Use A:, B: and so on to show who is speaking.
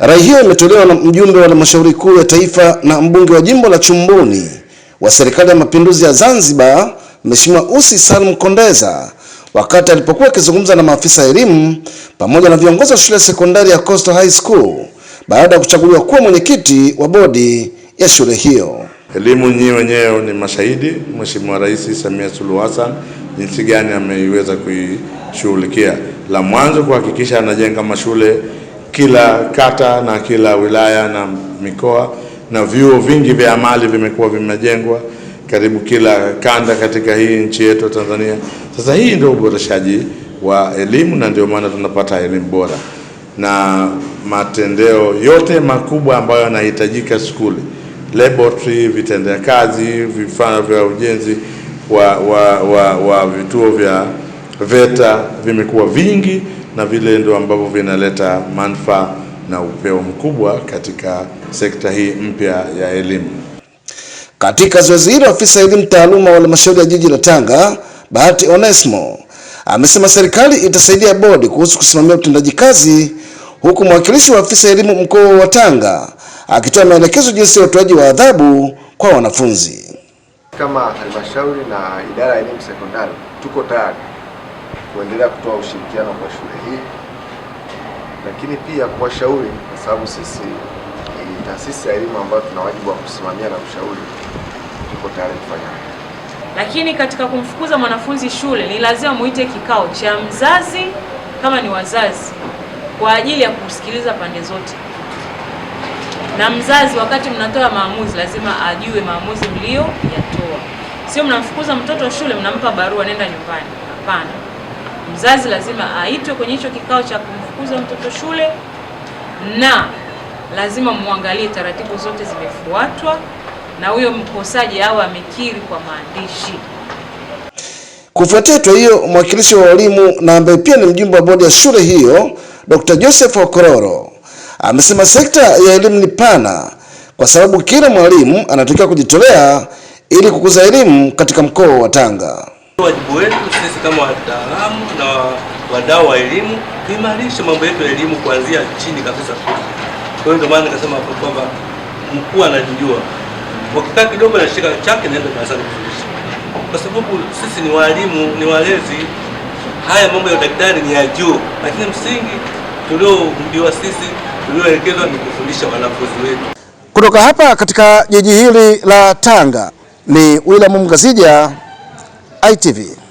A: Rai hiyo imetolewa na mjumbe wa halmashauri kuu ya taifa na mbunge wa jimbo la Chumbuni wa serikali ya mapinduzi ya Zanzibar, Mheshimiwa Ussi Salum Kondeza wakati alipokuwa akizungumza na maafisa elimu pamoja na viongozi wa shule ya sekondari ya Coastal High School baada ya kuchaguliwa kuwa mwenyekiti wa bodi ya shule hiyo.
B: Elimu nyinyi wenyewe ni mashahidi, Mheshimiwa Rais Samia Suluhu Hassan jinsi gani ameiweza kuishughulikia, la mwanzo kuhakikisha anajenga mashule kila kata na kila wilaya na mikoa, na vyuo vingi vya amali vimekuwa vimejengwa karibu kila kanda katika hii nchi yetu ya Tanzania. Sasa hii ndio uboreshaji wa elimu, na ndio maana tunapata elimu bora na matendeo yote makubwa ambayo yanahitajika skuli, laboratory, vitendea kazi, vifaa vya ujenzi wa, wa, wa, wa vituo vya VETA vimekuwa vingi na vile ndio ambavyo vinaleta manufaa na upeo mkubwa katika sekta hii mpya ya elimu.
A: Katika zoezi hilo, afisa elimu taaluma wa halmashauri ya jiji la Tanga Bahati Onesmo amesema serikali itasaidia bodi kuhusu kusimamia utendaji kazi, huku mwakilishi wa afisa elimu mkoa wa Tanga akitoa maelekezo jinsi ya utoaji wa adhabu kwa wanafunzi.
C: Kama halmashauri na idara ya elimu sekondari tuko tayari kuendelea kutoa ushirikiano kwa shule hii, lakini pia kuwashauri, kwa sababu sisi ni taasisi ya elimu ambayo tuna wajibu wa kusimamia na kushauri. Tuko tayari kufanya.
D: Lakini katika kumfukuza mwanafunzi shule, ni lazima muite kikao cha mzazi kama ni wazazi, kwa ajili ya kusikiliza pande zote, na mzazi wakati mnatoa maamuzi lazima ajue maamuzi mlio yatoa. Sio mnamfukuza mtoto shule, mnampa barua nenda nyumbani. Hapana mzazi lazima aitwe kwenye hicho kikao cha kumfukuza mtoto shule, na lazima muangalie taratibu zote zimefuatwa na huyo mkosaji awe amekiri kwa maandishi.
A: Kufuatia hatua hiyo, mwakilishi wa walimu na ambaye pia ni mjumbe wa bodi ya shule hiyo, Dr. Joseph Okororo amesema sekta ya elimu ni pana, kwa sababu kila mwalimu anatakiwa kujitolea ili kukuza elimu katika mkoa wa Tanga.
E: Wajibu wetu sisi kama wataalamu na wadau wa elimu kuimarisha mambo yetu ya elimu kuanzia chini kabisa. Kwa hiyo ndio maana nikasema hapo kwamba mkuu anajijua, wakikaa kidogo anashika chake naenda darasani kufundisha, kwa sababu sisi ni walimu, ni walezi. Haya mambo ya udaktari ni ya juu, lakini msingi tulioumbiwa sisi, tulioelekezwa ni kufundisha wanafunzi wetu.
A: Kutoka hapa katika jiji hili la Tanga ni William mgazija ITV.